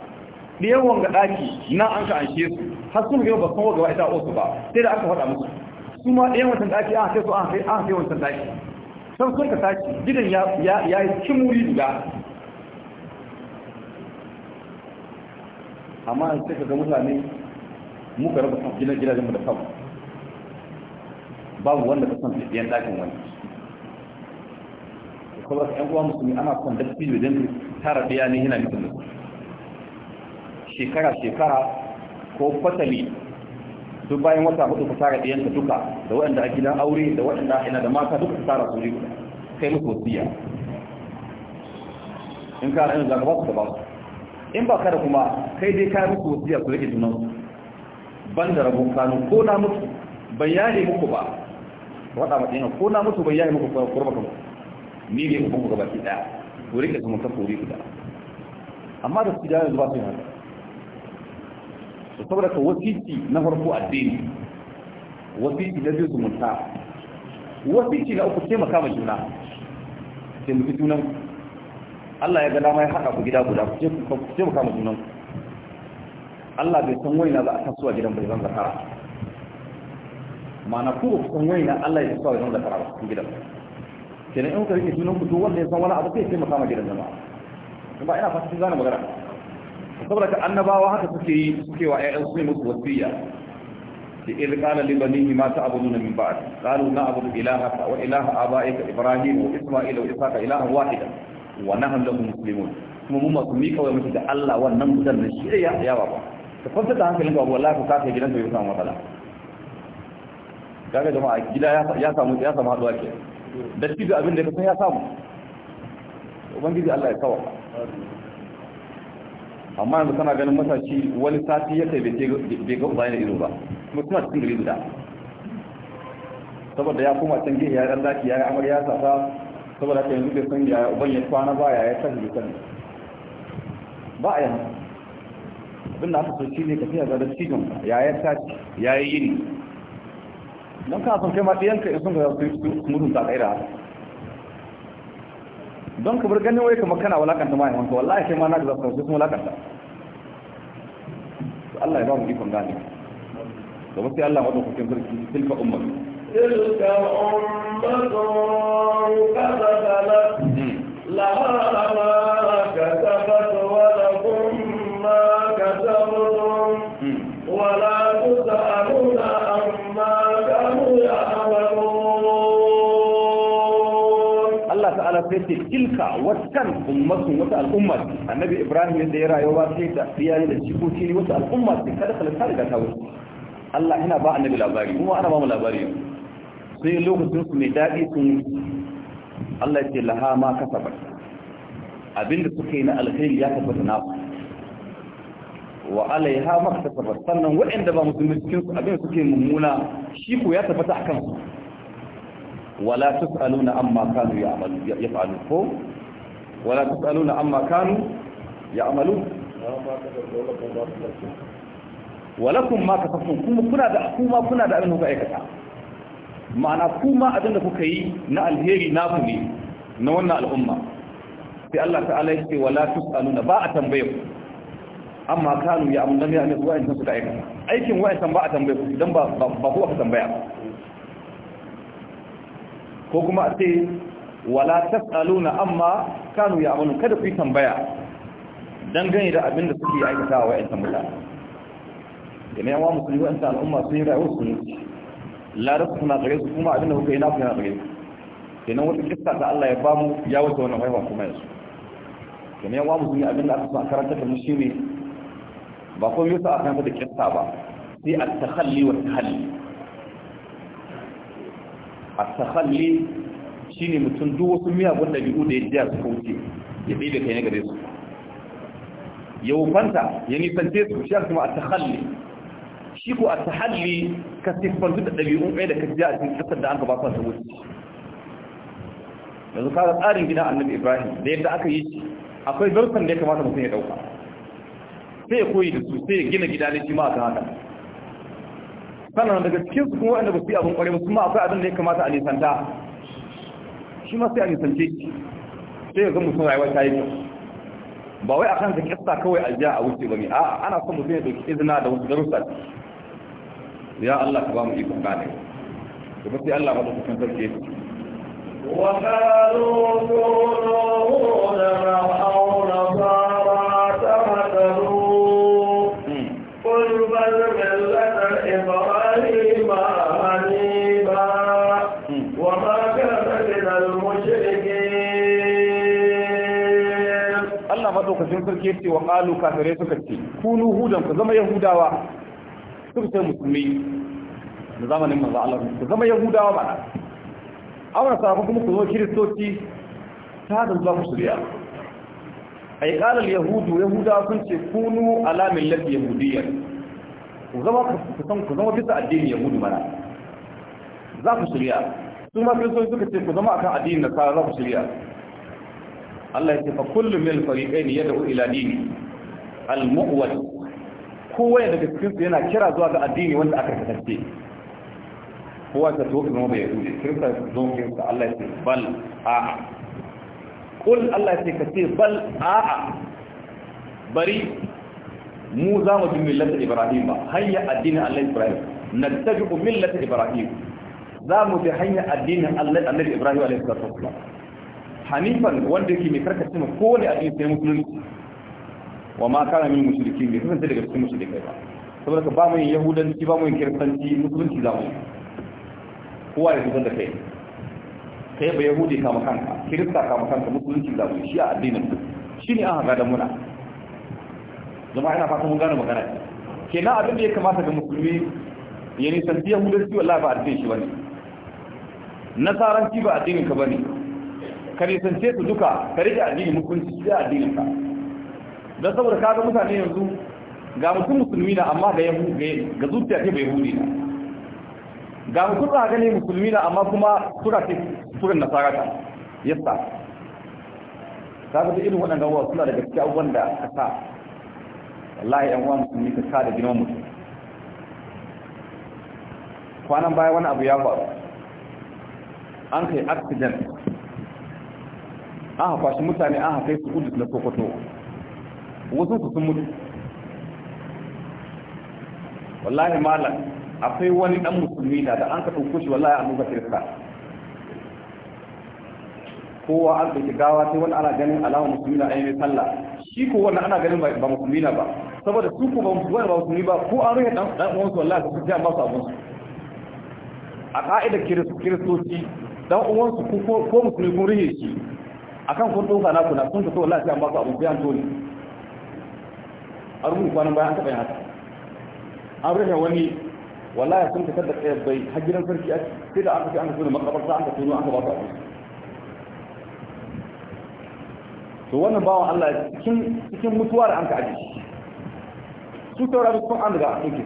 ɗiyan wanga ɗaki na an ka anshe su har sun yau ba san waga ita osu ba sai da aka faɗa musu su ma ɗiyan wancan ɗaki an kai su an kai wancan ɗaki sun ka tashi gidan ya yi cin wuri guda amma an sai ga mutane muka raba kan gidan gidajen mu da kanmu babu wanda ka san biyan dakin wani kuma ka yan uwa musulmi ana son da fiye don tara biya ne yana nufin shekara shekara ko fatali duk bayan wata hudu ka tara ɗiyanka duka da waɗanda a gidan aure da waɗanda ina da mata duka ka tara su ne kai musu siya in ka ra'ayin zaka ba su ka ba su in ba kada kuma kai dai kayan musu siya ku rike tunan ban da rabon kanu ko na mutu bayani muku ba wata mata ɗina ko na mutu bayani muku ba kurba kanku ni ne ku kuma ki ɗaya ku rike su mutum ku rike da amma da su jayen ba su yi haka to saboda ka wasiki na farko addini wasiki na biyu zumunta wasiki na uku taimaka ma juna taimaki junan Allah ya ga dama ya haɗa ku gida guda ku taimaka ma junan Allah bai san waina za a tasowa gidan bai zan zakara Mana ku ba ku san waina Allah ya tasowa gidan zakara ba cikin gidan kenan in ka rike junan ku duk wanda ya san wani abu sai taimaka ma gidan jama'a ba ina fata sun zana magana saboda ka annabawa haka suke yi suke wa ƴaƴan su musu wasiya da il qala li banihi ma ta'buduna min ba'd qalu na'budu ilaha wa ilaha abaika ibrahim wa isma'ila wa ishaqa ilahan wahida wa nahnu lahu muslimun kuma mun masu mika wai mutu da Allah wannan mutan nan shi ya yawa ba ka kwanta da hankalin ka wallahi ka kafa gidan da ya samu matsala kaga jama'a gida ya samu ya samu haduwa ke da shi ga abin da ka san ya samu ubangiji Allah ya kawo amma yanzu kana ganin matashi wani sati ya kai bai ga uba yana ido ba kuma suna cikin gari guda saboda ya koma can gehe ya ya daki ya amarya saboda ka yanzu bai san ya uban ya kwana ba ya ya tashi bai ba a yanzu abin da aka so ne ka fiya da cikin ya ya tashi ya yi yini don ka san kai ma ɗiyanka in sun ga su mutunta kai da haka don ka bar ganin wai kamar kana walakanta mahaifanka wallahi sai ma na gaza sai kuma walakanta Allah ya ba mu ikon gane da wasu Allah wadda kuke sarki tilka ummatu tilka ummatu kada hmm. laha sai ce tilka watan ummatun wata al'umma ce annabi ibrahim da ya rayuwa sai ta iyaye da cikoki ne wata al'umma ce kada kala ta riga ta wuce Allah yana ba annabi labari kuma ana ba mu labari sai lokacin su mai daɗi sun Allah ya ce laha ma kasabat abinda suka yi na alkhairi ya tabbata na wa alaiha ma kasabat sannan waɗanda ba musulmi cikin su abinda suke mummuna shi ko ya tabbata akan su wala tus'aluna amma kanu ya'malu yaf'alu ko wala tus'aluna amma kanu ya'malu walakum ma kasaftum kuma kuna da kuma kuna da abin kuka aikata ma'ana kuma abinda kuka yi na alheri naku ne na wannan al'umma sai Allah ta'ala yake wala tus'aluna ba a tambaye ku amma kanu ya amma lam ya'malu wa'in sun da aikata aikin wa'in ba a tambaye ku idan ba ba ku aka tambaya ko kuma a ce wala tasaluna amma kanu ya'malun kada ku yi tambaya dangane da abin da suke wa wa'annan mutane game yawa musulmi wa'annan al'umma sun yi rayuwar sunni larabta suna gare su kuma abin da kuka yi na kuna gare su kenan wata kissa ta Allah ya bamu ya wuce wannan haihuwa kuma yanzu kenan yawa musulmi abin da aka so a karanta da mu shine ba kuma yasa a karanta da kissa ba sai at-takhalli wa at-tahalli a tahalli shi ne mutum duk wasu miyagun ɗabi'u da ya jiya su kauce ya ɗaya da kai na gare su ya wufanta ya nisance su shi kuma a tahalli shi ko a tahalli ka siffantu da ɗabi'un ɗaya da ka jiya a cikin ƙasar da an ka ba ta wuce yanzu kaga tsarin gina annabi ibrahim da yadda aka yi shi akwai darsan da ya kamata mutum ya ɗauka sai ya koyi da su sai ya gina gida ne shi ma a kan haka sannan daga cikin su kuma wanda ba su yi abin kwarai ba kuma akwai abin da ya kamata a nisanta shi ma sai a nisance sai ya zama sun rayuwa ta yi kyau ba wai a kan ta kista kawai jiya a wuce ba ne a ana son mutum ya dauki izina da wasu darussa ya Allah ka ba mu ikon gane da ba sai Allah ba da kan sarki وقالوا sarki yace wa qalu kafirai suka ce kunu hudan ku zama yahudawa suka ce musulmi da zamanin manzo Allah ku zama yahudawa ba amma safa kuma ku zama kiristoci ta da zuwa musuliya ai qala al yahudu yahudawa sun ce kunu alamin millati yahudiyya ku zama ku san ku zama bisa addinin yahudu mana za ku shirya su ma kiristoci suka ce ku zama akan addinin nasara za ku shirya Allah ya ce fa kullu min al-fariqayn yad'u ila dini al-mu'wal kowa daga cikin yana kira zuwa ga addini wanda aka kasance kowa ta to kuma bai yadu kirka don kirka Allah ya ce bal a'a kul Allah ya ce ka ce bal a'a bari mu za mu bi millata Ibrahim ba hanya addini Allah Ibrahim nattabi'u millata Ibrahim za mu bi hanya addinin Allah Ibrahim alaihi salatu wassalam hanifan wanda yake mai karkace ma kowane addini sai musulunci wa ma kana min mushriki ne kasance daga cikin mushrikai ba saboda ba mu yahudanci ba mu kiristanci musulunci za mu kowa ya fitar da kai kai ba yahudi kama kanka kirista kama kanka musulunci za mu shi a addinin shi ne an haga da muna zama ina fata mun gane magana kenan abin da ya kamata ga musulmi ya nisanci yahudanci wallahi ba addinin shi bane nasaranci ba addinin ka bane ka nisance su duka ka rike addini mukunci da addinin ka don saboda ka ga mutane yanzu ga mutum musulmi na amma ga yahu ga zuciya ce bai hudi na ga mutum za gani musulmi na amma kuma sura ce turin na ta yasa ka ga irin waɗannan wa suna da gaskiya abubuwan da ka sa wallahi yan uwa musulmi ka sa da girman mutum kwanan baya wani abu ya faru an kai accident aha kwashi mutane aha kai su kudus na sokoto wasu su sun mutu wallahi malam akwai wani dan musulmi na da an ka dauko shi wallahi an buga kirista kowa an ɗauki gawa sai wani ana ganin alama musulmi na ainihin sallah shi ko wannan ana ganin ba musulmi na ba saboda su ko ba musulmi ba ko an rufe dan dan su wallahi su ji amma su abun su a ka'idar kiristoci dan su ko musulmi kun rufe shi akan kun dauka na kuna kun tafi wallahi an ba ku abu sai an tone an rubuta kwanan bayan an taɓa yin haka an rufe wani wallahi sun ta da kai bai har gidan sarki a sai da aka ce an ka makabar makabarta an ka tuno an ba ku abu to wannan bawan Allah cikin cikin mutuwa da an ka aje su taurari sun an daga a ɗauke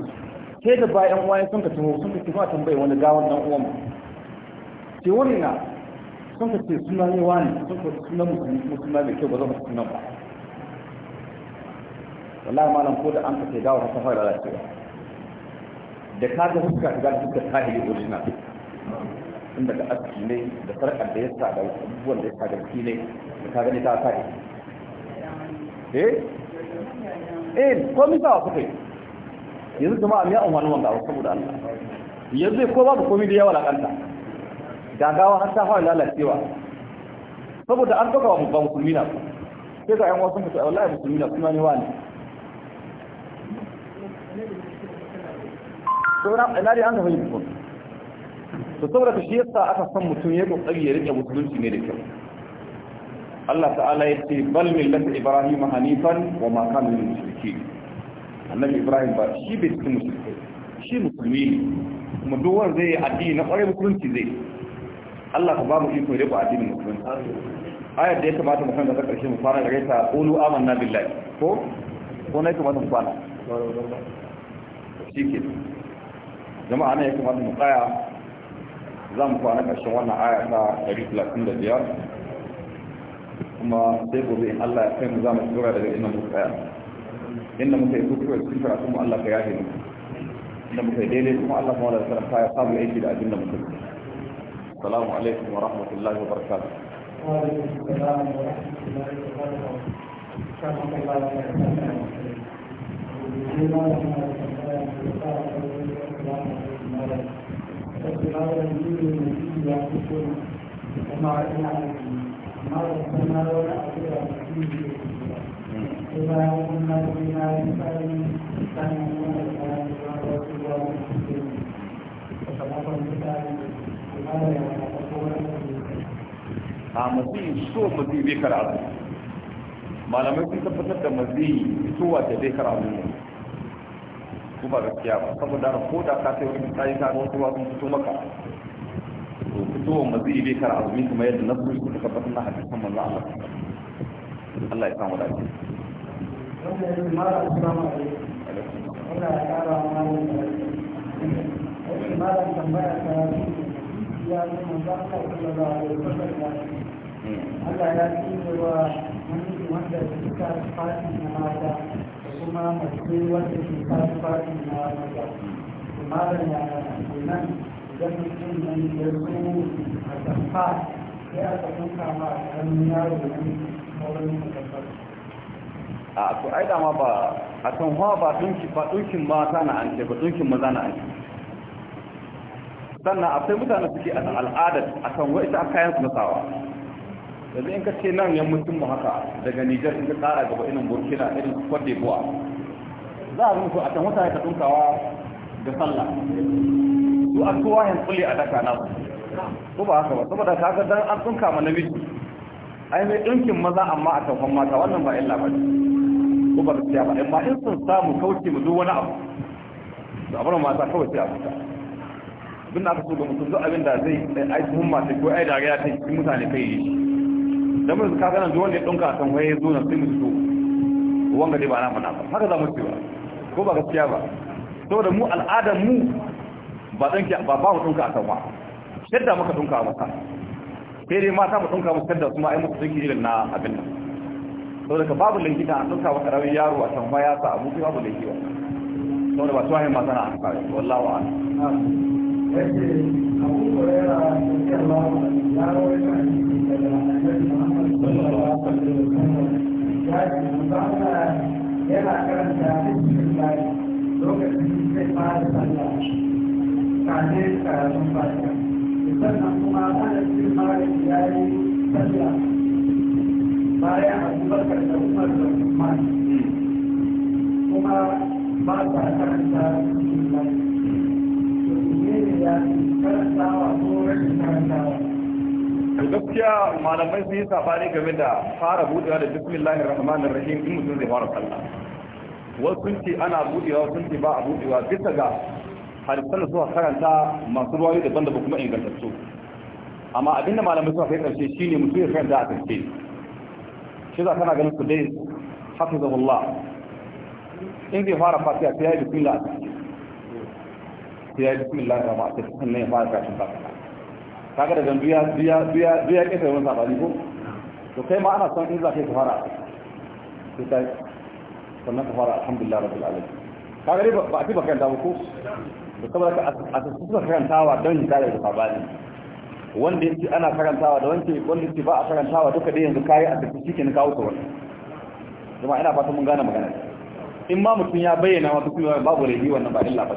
sai da bayan wayan sun ka tuno sun ka tuno tambaye wani gawan dan uwan ce wani na sun ka ce suna ne wani sun ka suna musulma suna mai kyau ba zama suna ba wallahi malam ko da an ka ce gawa ta da lalacewa da ka ga suka ga suka ta hili original inda ga aski ne da sarkar da ya sa da abubuwan da ya sa ki ne da ka gani ta yi eh eh ko mi sa kuka yanzu jama'a me an wani wanda saboda Allah yanzu ko babu komai da yawa la kanta gagawa har ta fara lalacewa saboda an ɗauka wa babban musulmi na sai ga yan wasu mutu a wallahi musulmi na suna ne wa ne saboda ina dai an tafi yin mutum to saboda ta shi yasa aka san mutum ya ƙoƙari ya rike musulunci ne da kyau Allah ta'ala ya ce bal millata ibrahim hanifan wa ma kana min mushriki annabi ibrahim ba shi bai cikin mushriki shi musulmi ne kuma duk wanda zai yi addini na kware musulunci zai Allah ka ba mu iko ba addinin musulmi ayar da ya kamata mu san da karshe mu fara gare ta qulu amanna billahi ko ko ne kamata mu fara shike jama'a ne ya kamata mu tsaya za mu fara karshen wannan aya ta 135 kuma sai gobe Allah ya kai mu za mu tsora daga inda muka tsaya inda muka yi kuskure cikin karatu mu Allah ka yafe mu inda muka yi daidai kuma Allah kuma da sarrafa ya samu aiki da abin da muka yi السلام عليكم ورحمة الله وبركاته وعليكم السلام ورحمة الله وبركاته a mazi so mazi bai kara abu malamai sun tabbatar da mazi fitowa da bai abu ne ko ba gaskiya ba saboda na ko da ka sai wani tsayi ta ga wasu sun fito maka to fitowa mazi bai abu ne kuma yadda na su suka tabbatar na hadisan manzo Allah Allah ya samu dace wannan mara assalamu alaikum Allah ya kara mana wannan mara tambaya ta ya ce manzo Allah ya wa wanda ke fashin na mata da kuma mace wanda ke kasu fashin na mata ya nan idan mutum da a sai a yaro a to ai dama ba a kan hawa ba dunkin mata na an ce ba dunkin maza na an ce sannan akwai mutane suke a al'adar a kan wa ita kayan su nasawa yanzu in ka ce nan yan mutum haka daga nijar in ka tsara gaba irin burkina irin cote buwa. za a zama a kan wata ya tunkawa da sallah su a kowa yan kulle a daka na ko ba haka ba saboda kaga dan an tunka ma namiji ai mai dinkin maza amma a kan mata wannan ba illa ba ko ba ta ba amma in sun samu kauce mu duk wani abu da abin mata kawai sai a fita tun na aka so ga mutum duk abin da zai eh, aiki hun masu ko ai dariya ta yi mutane kai yi da mun ka ganin zuwa ya ɗunka san waye zo na sai mutu wanga dai ba na mana ba haka za mu ce ba ko ba gaskiya ba saboda mu al'adar mu ba ɗanki ba ba mu ɗunka a kan ba shadda muka ɗunka a sai dai mata mu ɗunka mu shadda kuma ai muka ɗunki irin na abin nan saboda ka babu lankita a ɗunka wa ƙaramin yaro a can ya sa abu babu lankita saboda ba tuwahin masana a kare wallawa a take abu kurera da lafa ya rawaita a ya ce manzo yana karanta kuma ana cikin yi kuma karanta gaskiya malamai sun yi safari game da fara budewa da bismillahir rahmanir rahim in mutum zai fara sallah wasu ce ana budewa sun ce ba a budewa bisa ga hadisan da suka karanta masu ruwayo daban da kuma ingantattu amma abinda malamai suka kai karshe shine mutum ya karanta a karshe shi za kana ganin su dai hafizahullah in zai fara fatiha sai ya yi bismillah a karshe sai ya yi bismillah da ma'a sai sannan ya fara kashin baka kaga da gan duya duya duya duya ke sai wani sabani ko to kai ma ana son in za ka yi fara sai ta sannan ka fara alhamdulillah rabbil alamin kaga dai ba a fi baka yanta ko da saboda ka a suka karantawa don hikayar da sabani wanda yake ana karantawa da wanda wanda yake ba a karantawa duka dai yanzu kai a tafi cikin kawo ta wannan kuma ina fata mun gane magana in ma mutum ya bayyana wa duk babu rayi wannan ba illa ba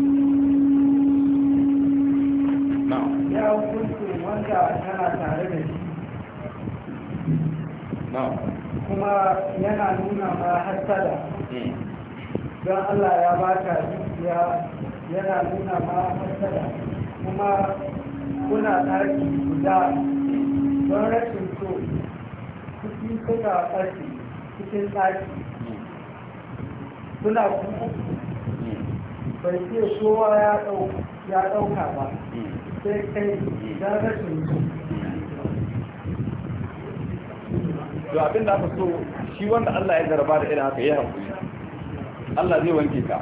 ya hukuncin wanda tana tare da shi kuma yana nuna ma hasada hmm. don allah ya baka dukiya yana nuna ma hasada kuma kuna tsarki guda don rashin so kuɗi suka tsarki cikin tsarki suna kuma hmm. Hmm. bai ce kowa ya ɗauka ba sai kai da rashin to abin da aka so shi wanda Allah ya zarba da irin haka ya hankali Allah zai wanke ka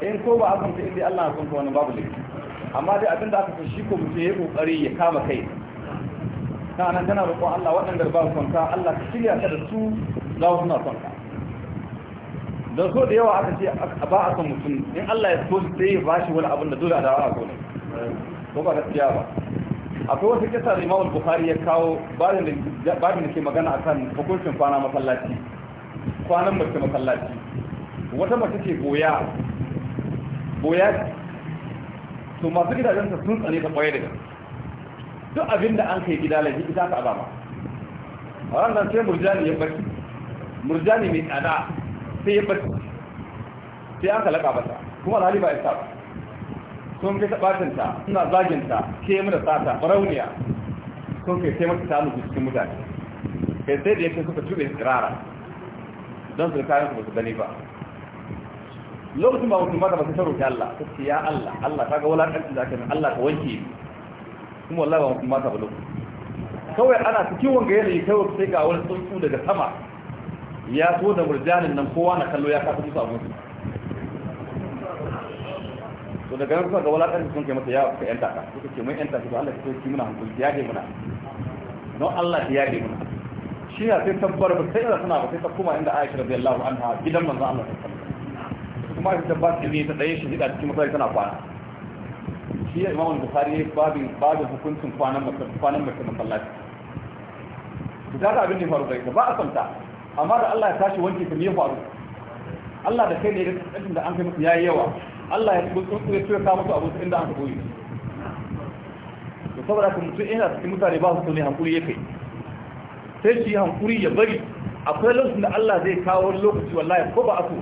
in ko ba aka da inda Allah sun ka wani babu laifi amma dai abin da aka so shi ko mutum ya yi kokari ya kama kai ta nan tana roƙon Allah waɗanda ba su kwanta Allah ka shirya ka da su za su na kwanta don so da yawa aka ce ba a san mutum in Allah ya so sai ya bashi wani abin da dole a dawa a gona ko ba gaskiya ba akwai wata kisa da Imam Bukhari ya kawo babin da ke magana akan hukuncin kwana masallaci kwanan mace masallaci wata mace ce boya boya to masu gidajen ta sun tsane ta kwaye daga duk abin da an kai gida laifi ita ka azama a ranar sai murjani ya barci murjani mai tsada sai ya bata sai an kalaka bata kuma alhali ba ya sa ba sun kai tabatinta suna zaginta ke mu da sata barauniya sun kai sai mata samu cikin mutane kai sai da yake suka tube kirara don su kayan su ba su gani ba lokacin ba mutum ba su ba sai ta Allah ta ce ya Allah Allah ta ga wulaƙanci da aka min Allah ka wanke ni kuma wallahi ba mutum ba ta ba lokacin kawai ana cikin wanga yanayi kawai sai ga wani tsuntsu daga sama ya so da murjanin nan kowa na kallo ya kafa musu abun to daga nan ga walakan sun kai masa ya ka yanta ka suka ce mun yanta ba Allah ya kai muna hankali ya ga muna don Allah ya ga muna shi ya sai tabbar ba sai da suna ba sai ta kuma inda Aisha radiyallahu anha gidan manzo Allah ta kuma ita tabbar ne ta daya shi da cikin masallaci tana kwana shi ya imamu bukhari babu babin hukuncin kwanan masallaci kwanan masallaci da abin da faru da ba a santa amma da Allah ya tashi wanke ta ne faru Allah da kai ne da an kai musu yayi yawa Allah ya tsuntsu ya tura musu abu inda an koyi to saboda kuma mutum ina cikin mutane ba su ne hankuri kai. sai shi hankuri ya bari akwai lokacin da Allah zai kawo lokaci wallahi ko ba a so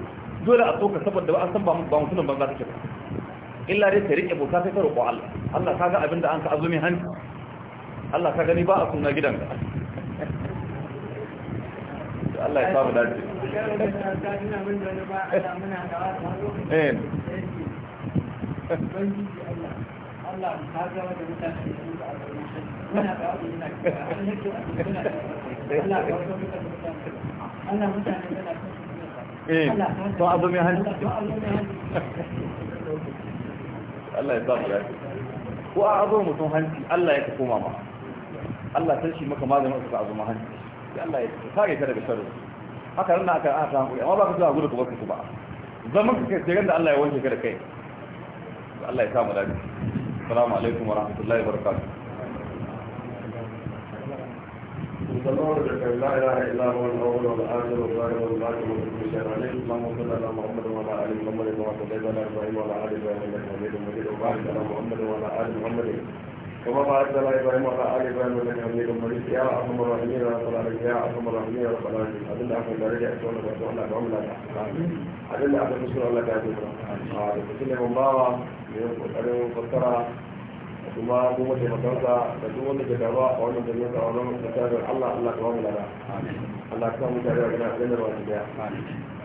dole a soka saboda an san ba mu ba mutum ban za ta illa dai ka rike bauta sai ka roƙo Allah Allah kaga abin da an ka azumi hanci Allah ka gani ba a sunna gidanka الله يصاب الأجل إيه الله الله يصاب الله وأعظم مهندس الله يكفو ماما الله تنشي مكما ذا نقص أعظم مهندس sai Allah ya kare ka daga sharri haka nan aka aka hankuri amma ba ka zuwa gudu kuma ka ba zaman ka kai da Allah ya wanke ka da kai Allah ya sa mu lafiya assalamu alaikum wa rahmatullahi wa barakatuh تدور بك لا اله الا هو كما باركت على ابراهيم وعلى ال ابراهيم انك حميد مجيد يا ارحم الراحمين يا رب العالمين يا ارحم الراحمين يا رب العالمين عبد الله احمد درجه اسوان واسوان لك عمله عبد الله احمد مسؤول لك يا جبر بسم الله مبارك يوم فتره kuma mu mace matarsa da duk wanda ke gaba a wannan jami'a a wannan matasar Allah Allah ka wamula da Allah ka mu tare da gina da wasu daya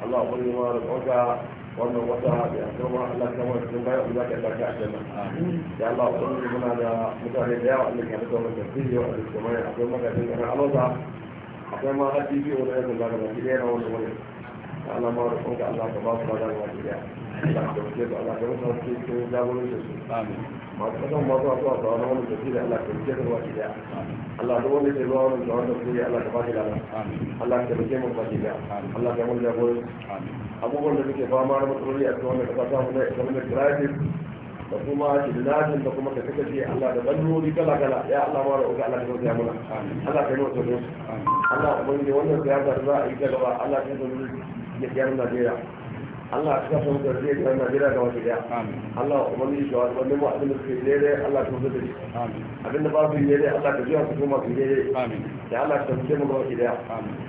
Allah wannan wata da ya kuma Allah ta wani cikin bayan uba da ya tafi a janna ya Allah ta wani muna da mutane da yawa Allah ya mutuwa da tafiyar a cikin mai akwai magajin da na akwai ma hajji biyu na yanzu da na mafi na wani wani Allah ma ka Allah ka ba su bada wa duniya Allah ka wuce Allah ka wuce su ke jagorancin su masu kasan ma zuwa zuwa tsawon wani tafi da Allah ka wuce su wa duniya Allah duk wanda ke zuwa wani tsawon Allah ka ba shi lada Allah ka wuce mu ba duniya Allah ka mun jagoranci abubuwan da suke fama na matsaloli a cikin wannan kasa ta mu da economic crisis da kuma kidnapping da kuma kace kace Allah da bannuri kala kala ya Allah ma roƙa Allah ka rubuta mana Allah ka yi wa tsoro Allah ubangiji wannan siyasa da za a yi gaba Allah ka yi da jihar najeriya allah a cikin sauran da jihar najeriya ga wasu daya allah kuma ni shi wa wani mu abin da suke daidai allah ta wuce da shi abin da ba su yi daidai allah ta jiya su kuma su yi daidai جعل تمكين واجدا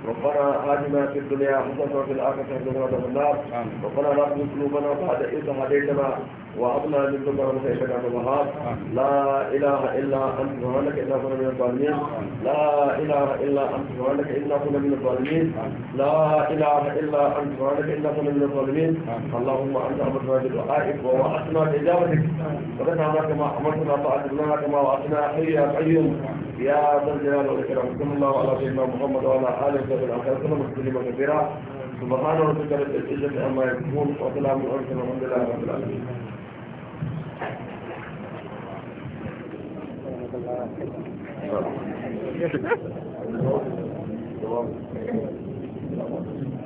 ربنا آتنا في الدنيا حسنة وفي الآخرة حسنة وقنا النار ربنا لا تزغ قلوبنا بعد إذ هديتنا وهب لنا من لدنك رحمة إنك أنت الوهاب لا إله إلا أنت سبحانك إنا كنا من الظالمين لا إله إلا أنت سبحانك إنا كنا من الظالمين لا إله إلا أنت سبحانك إنا كنا من الظالمين اللهم أنت أمرنا بدعائك ووعدتنا بإجابتك وذكرنا كما أمرتنا طاعة الله كما وعدتنا حيا قيوم يا ذا الجلال والإكرام وصلى الله على سيدنا محمد وعلى آله وصحبه وسلم تسليما كثيرا سبحان ربك رب العزة عما يصفون وسلام على المرسلين والحمد لله رب العالمين Thank you.